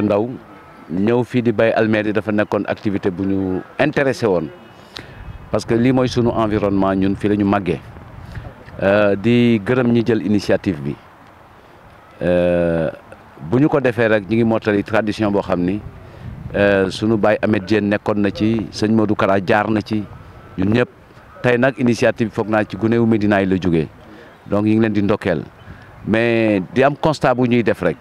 nekk ndaw ñëw fii di bay almeer yi dafa nekkoon activité bu ñu intéressé woon parce que lii mooy sunu environnement ñun fii la ñu màggee euh, di gërëm ñi jël initiative bi euh, bu ñu ko defee rek ñu ngi mottali tradition boo xam ni euh, sunu baay Amet Dieng nekkoon na ci sëñ Modou Kara jaar na ci ñun ñëpp tey nag initiative foog naa ci gunéewu Médina yi la jóge donc ñu ngi leen di ndokkeel mais di am constat ñuy def rek.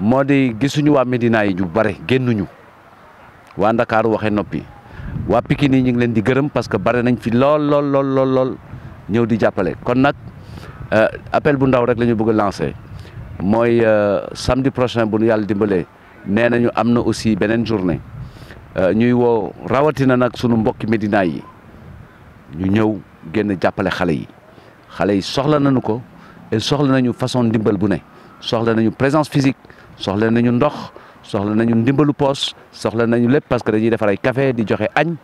moo di gisuñu waa Médina yi ñu bare génnuñu waa Ndakaaru waxee noppi waa Pikine yi ñu ngi leen di gërëm parce que bare nañ fi lool lool lool ñëw di jàppale kon nag euh, appel bu ndaw rek lañu ñu bëgg a lancer mooy euh, samedi prochain bu nu yàlla dimbalee nee nañu am na aussi beneen journée euh, ñuy woo rawatina nag sunu mbokki Médina yi ñu ñëw génn jàppale xale yi xale yi soxla nañu ko et soxla nañu façon ndimbal bu ne soxla nañu présence physique soxla nañu ndox soxla nañu ndimbalu poos soxla nañu lépp parce que dañuy defar ay café di joxe añ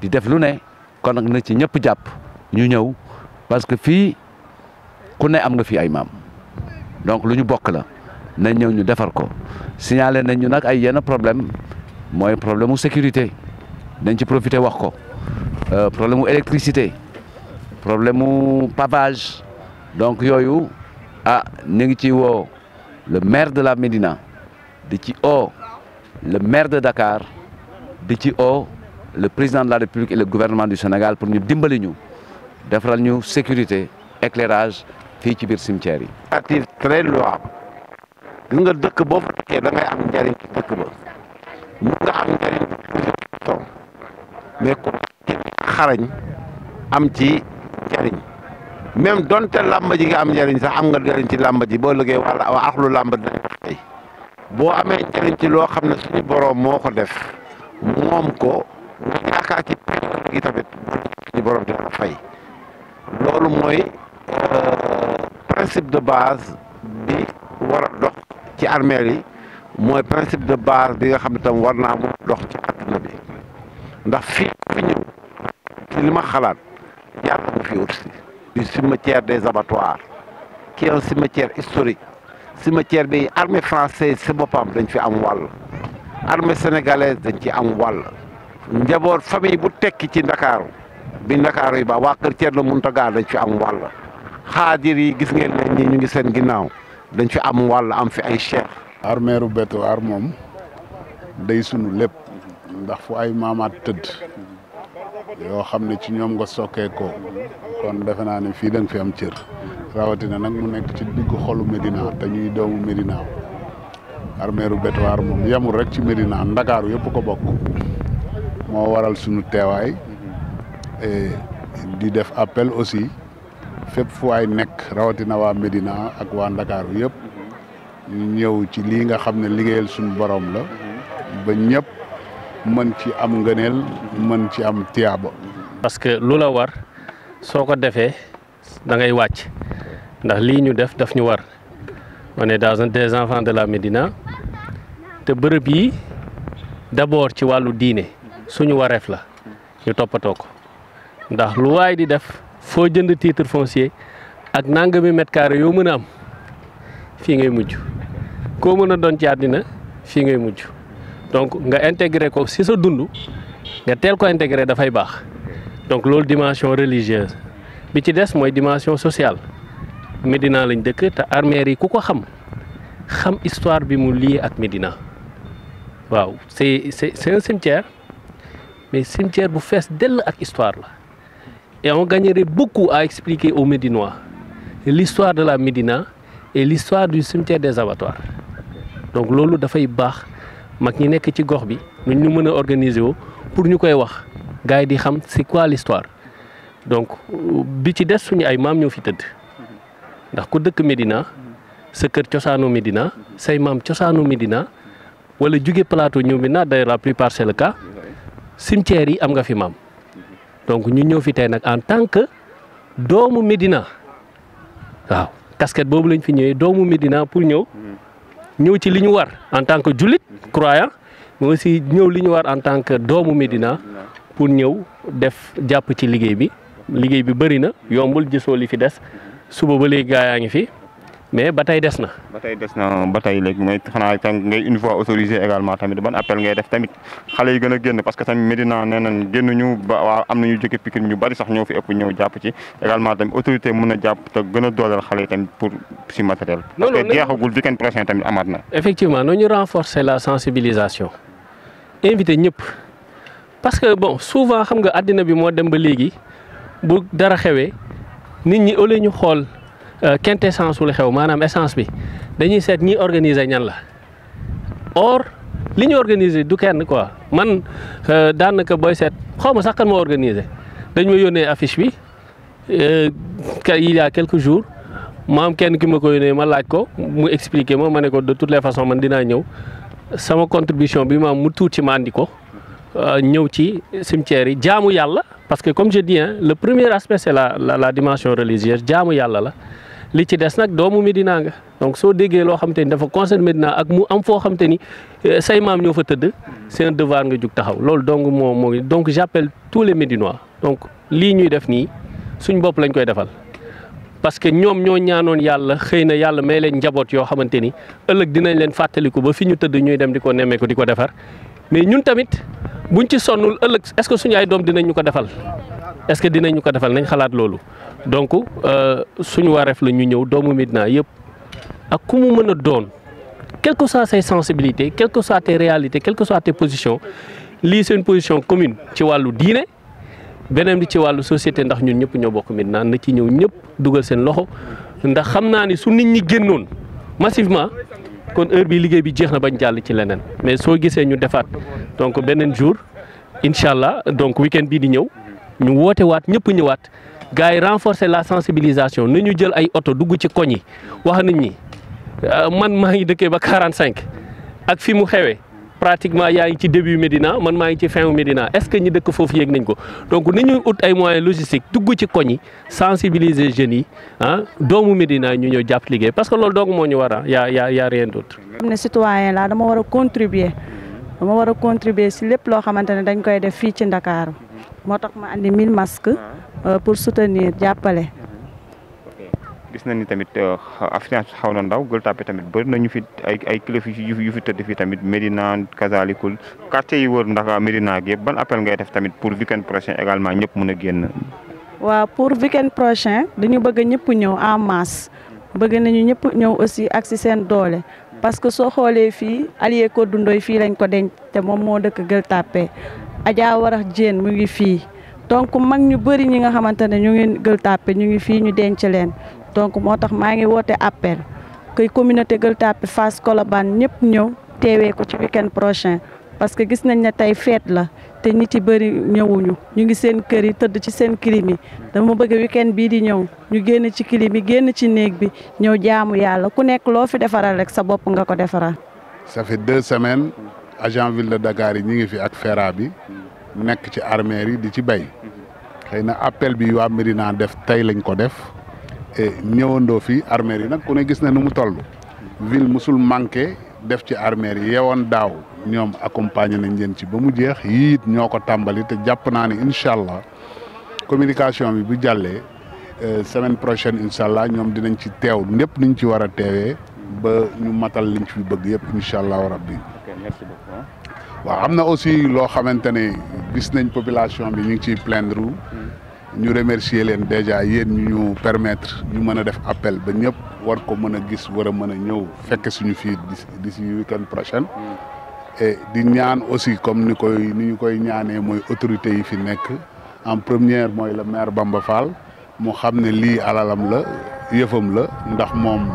di def lu ne kon nag na ci ñëpp jàpp ñu ñëw parce que fii ku ne am nga fii ay maam donc lu ñu bokk la nañ ñëw ñu defar ko signalé nañ ñu nag ay yenn problème mooy problème mu sécurité dañ ci profité wax ko euh, problème mu électricité problème mu pavage donc yooyu ah ñu ngi ci woo le maire de la Médina, oh, le maire de Dakar, oh, le président de la République et le gouvernement du Sénégal pour nous dire que nous sécurité, éclairage, fichier cimetière. C'est très louable. Nous avons deux bons qui nous été en train de se Nous avons été en train de Mais nous avons été en train de se faire. même donte tell ji nga am njëriñ sax am nga njëriñ ci làmb ji boo liggéey wala waa axlu làmb dinañ boo amee njëriñ ci loo xam ne suñu boroom moo ko def moom ko yaakaar ci perte gi tamit borom boroom dina la fay loolu mooy euh, principe de base bi war a dox ci armeel yi principe de base bi nga xam tam war naa dox ci àdduna bi ndax fi fi ñëw ci li xalaat yàlla fi ut du cimetière des abattoirs qui est un cimetière historique cimetière bi armée française si boppam dañ fi am wàll armée sénégalaise dañ ci am wàll njaboot famille bu tekki ci ndakaaru bi ndakaaru yi ba waa kër Thierno Mountaga dañ fi am wàll xaadir yi gis ngeen ne ñi ñu ngi seen ginnaaw dañ fi am wàll am fi ay cheikh armeeru Beto'ar moom day sunu lépp ndax fu ay maamaat tëdd yoo xam ne ci ñoom nga sokkeekoo kon defe naa ne fii da fi am cër rawatina nag mu nekk ci diggu xolu Médina te ñuy doomu Médina armeeru Betuwaar moom yemul rek ci Médina Ndakaaru yëpp ko bokk moo waral suñu teewaay eh, di def appel aussi fépp fu waay nekk rawatina waa Médina ak waa Ndakaaru yëpp ñëw ci lii nga xam ne liggéeyal suñu borom la ba ñépp mën ci am ngëneel mën ci am tiyaaba. parce que lu la war soo ko defee da ngay wàcc ndax lii ñu def daf ñu war on est dans un des enfants de la Médina te bërëb yi d'abord ci wàllu diine suñu wareef la ñu toppatoo ko ndax lu waay di def foo jënd titre foncier ak nangami mètre carré yoo mën a am fii ngay mujj koo mën a doon ci àddina fii ngay mujj. donc nga intégré ko ci sa On nga tel ko intégré le bax donc une dimension religieuse bi ci dess moy dimension sociale Médina lañ dëkk ta armeer yi ku ko xam xam histoire bi mu ak Médina c'est c'est un cimetière mais cimetière bu fess del ak histoire la et on gagnerait beaucoup à expliquer aux Médinois l'histoire de la Médina et l'histoire du cimetière des abattoirs donc da fay bax mag ñi nekk ci gox bi nu ñu mën a organiser woo pour ñu koy wax gars yi di xam c'est quoi listoire donc bi ci des suñu ay maam ñoo fi tëdd ndax ku dëkk Médina sa kër cosaanoo Médina say maam cosaanoo Médina wala juge plateau ñëw Médina d'ailleurs la plupart parcelle le cas cimetière yi am nga fi maam donc ñu ñëw fi tey nag en tant que doomu Médina waaw casquette boobu lañ fi ñëwee doomu Médina pour ñëw. ñëw ci li ñu war en tant que julit croyant mais aussi war en tant que doomu Medina pour ñëw def jàpp ci liggéey bi liggéey bi bëri na yombul gisoo li fi des suba ba léegi fi mais ba tey des na. ba tey des na ba tey léegi mooy xanaa tam ngay une autorisé également tamit ban appel ngay def tamit xale yi gën a génn parce que tamit Medina nee nañ génnuñu ba waa am nañu jóge Pikine ñu bari sax ñoo fi ëpp ñëw jàpp ci également tamit autorité mën a jàpp te gën a dooleel xale yi tamit pour si matériel. parce que jeexagul weekend prochain tamit amaat na. effectivement nañu renforcer la sensibilisation invité ñëpp parce que bon souvent xam nga àddina bi moo dem ba léegi bu dara xewee nit ñi au ñu xool. quintessence euh, wu li xew maanaam essence bi dañuy seet ñi organiser ñan la or li ñu organiser du kenn quoi man euh, daanaka booy seet xaw ma sax kan moo organiser dañ ma yónnee affice bi euh, il y a quelques jours ma kenn ki ma ko yónnee ma laaj ko mu expliquer moom ma ne ko de toutes les façons man dinaa ñëw sama contribution bi ma am mu tuuti ma andi ko ñëw ci cimetière yi jaamu yàlla parce que comme je dis hein le premier aspect c'est la la la dimension religieuse jaamu yàlla la. li ci des nag doomu Medina donc soo déggee loo xamante ni dafa concerne ak mu am foo xamante ni euh, say maam ñoo fa tëdd c'est un devoir nga jug taxaw loolu donc moo moo donc j'appelle tous les Médinois donc lii ñuy def nii suñ bopp lañ koy defal. parce que ñoom ñoo ñaanoon yàlla xëy na yàlla may leen njaboot yoo xamante ni ëllëg dinañ leen fàttaliku ba fi ñu tëdd ñuy dem di ko nemmeeku di ko defar mais ñun tamit buñ ci sonnul ëllëg est-ce que suñu ay doom dinañ ñu ko defal est-ce que dinañ ñu ko defal nañ xalaat loolu. donc euh, suñu wareef la ñu ñëw doomu Médina yëpp ak ku mu mën a doon quelle que soit say sensibilités quelle réalité soit tes réalités quelle que lii seen position commune ci wàllu diine beneen bi ci wàllu société ndax ñun ñëpp ñoo bokk Médina na ci ñëw ñëpp dugal seen loxo ndax xam naa ni su nit ñi génnoon massivement kon heure bi liggéey bi jeex na bañ jàll ci leneen mais soo gisee ñu defaat donc beneen jour incha allah donc week bii di ñëw. ñu woote waat ñëpp ñëwaat gaay renforcer la sensibilisation na ñu jël ay auto duggu ci koñ yi wax nañ ni euh, man maa ngi dëkkee ba 45 ak fi mu xewee pratiquement yaa ngi ci début Médina man maa ngi ci fin Médina est-ce que ñi dëkk foofu yéeg nañ ko donc ni ñuy ut ay moyens logistiques dugg ci koñ yi sensibiliser jeunes yi ah doomu Médina ñu ñëw jàpp liggéey parce que loolu dong moo ñu war a yaa yaa yaa rien d'autre. xam ne citoyen la dama war a contribuer dama war a contribuer si lépp loo xamante ne dañ koy def fii ci Ndakaaru moo tax ma andi 1000 masques. Ah. Euh, pour soutenir jàppale. Mm-hmm. gis nañ ni tamit euh, affluence xaw na ndaw Gueule Tapée tamit bëri nañu fi ay ay kilifa yu fi tëdd fii tamit Médina Kazalikul quartier yi wër ndax euh, Médina ak yëpp ban appel ngay def tamit pour weekend prochain également ñëpp mun a génn. waaw pour weekend prochain dañu bëgg ñëpp ñëw en masse bëgg nañu ñëpp ñëw aussi ak si seen doole parce que soo xoolee fii allie ko Ndoye fii lañ ko denc te moom moo dëkk Gueule Tapée Aja Warax jen mu ngi fii donc mag ñu bëri ñi nga xamante ne ñu ngi Gueule Tapée ñu ngi fii ñu denc leen donc moo tax maa ngi woote appel que communauté Gueule Tapée Fass Colobane ñëpp ñëw teewee ko ci week prochain parce que gis nañ ne tey fête la te ñi ci bëri ñëwuñu ñu ngi seen kër yi ci seen dama bëgg weekend bii di ñëw ñu génn ci clim génn ci néeg bi ñëw jaamu yàlla ku nekk fi defaral rek sa bopp nga ko ça fait deux semaines. agent ville de Dakar yi ñi ngi fi ak FERA bi nekk ci armée yi di ci bay xëy na appel bi waa naa def tey lañ ko def et ñëwandoo fi armée yi nag ku ne gis na nu mu toll ville musul manqué def ci armée yi yewoon daaw ñoom accompagner nañ leen ci ba mu jeex yii ñoo ko tàmbali te jàpp naa ne incha allah communication bi bu jàllee e semaine prochaine incha allah ñoom dinañ ci teew ñëpp niñ ci war a teewee ba ñu matal liñ ci bëgg yëpp incha allah rabbi merci beaucoup. Hein. waaw am na aussi lo xamantene gis nañ population bi ñu ngi ciy plaindre ñu remercier len déjà yeen ñu permettre ñu mëna def appel ba ñëpp war ko mëna gis wara mëna mën ñëw fekk suñu fi d'ici week-end prochain mm. et di ñaan aussi comme ni koy ni ñu koy ñaanee mooy autorités yi fi nekk en première moy le maire Bamba Fall mu xamné li alalam la yëfam la ndax mom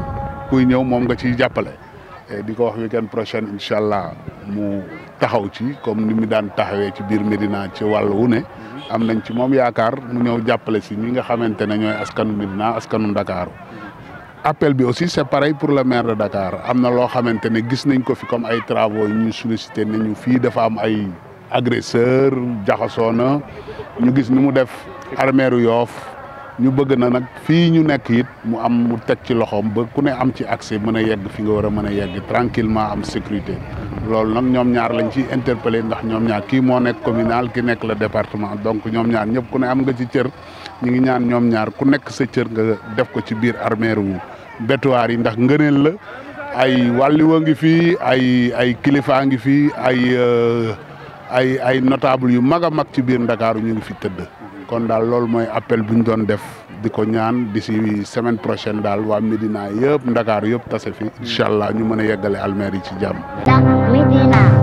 kuy ñëw mom nga ciy jàppale Eh, di ko wax weekend prochain incha allah mu taxaw ci comme ni mu daan taxawee ci biir Médina ci wàll wu ne am nañ ci moom yaakaar mu ñëw jàppale si ñi nga xamante ne ñooy askanu Médina askanu Ndakaaru appel bi aussi c'est pareil pour le maire de Dakar am na loo xamante ne gis nañ ko fi comme ay travaux ñu sollicité ñu fii dafa am ay agresseur jaxasoo na ñu gis ni mu def armeeru yoof ñu bëgg na nag fii ñu nekk yit mu am mu teg ci loxoom ba ku ne am ci accès mën a yegg fi nga war a mën a yegg tranquillement am sécurité loolu nag ñoom ñaar lañ ci interpellé ndax ñoom ñaar kii moo nekk communal ki nekk la département donc ñoom ñaar ñëpp ku ne am nga ci cër ñu ngi ñaan ñoom ñaar ku nekk sa cër nga def ko ci biir armeer wu bétuwaar yi ndax ngëneel la ay wàlliwa ngi fii ay ay kilifaa ngi fii euh, ay ay ay notable yu mag a mag ci biir Ndakaaru ñu ngi fi tëdd kon daal loolu mooy appel bu ñu doon def di ko ñaan d'ici semaine prochaine daal waa Médina yëpp Ndakaar yëpp tase fi incha allah ñu mën a yeggale almeer yi ci jàmm.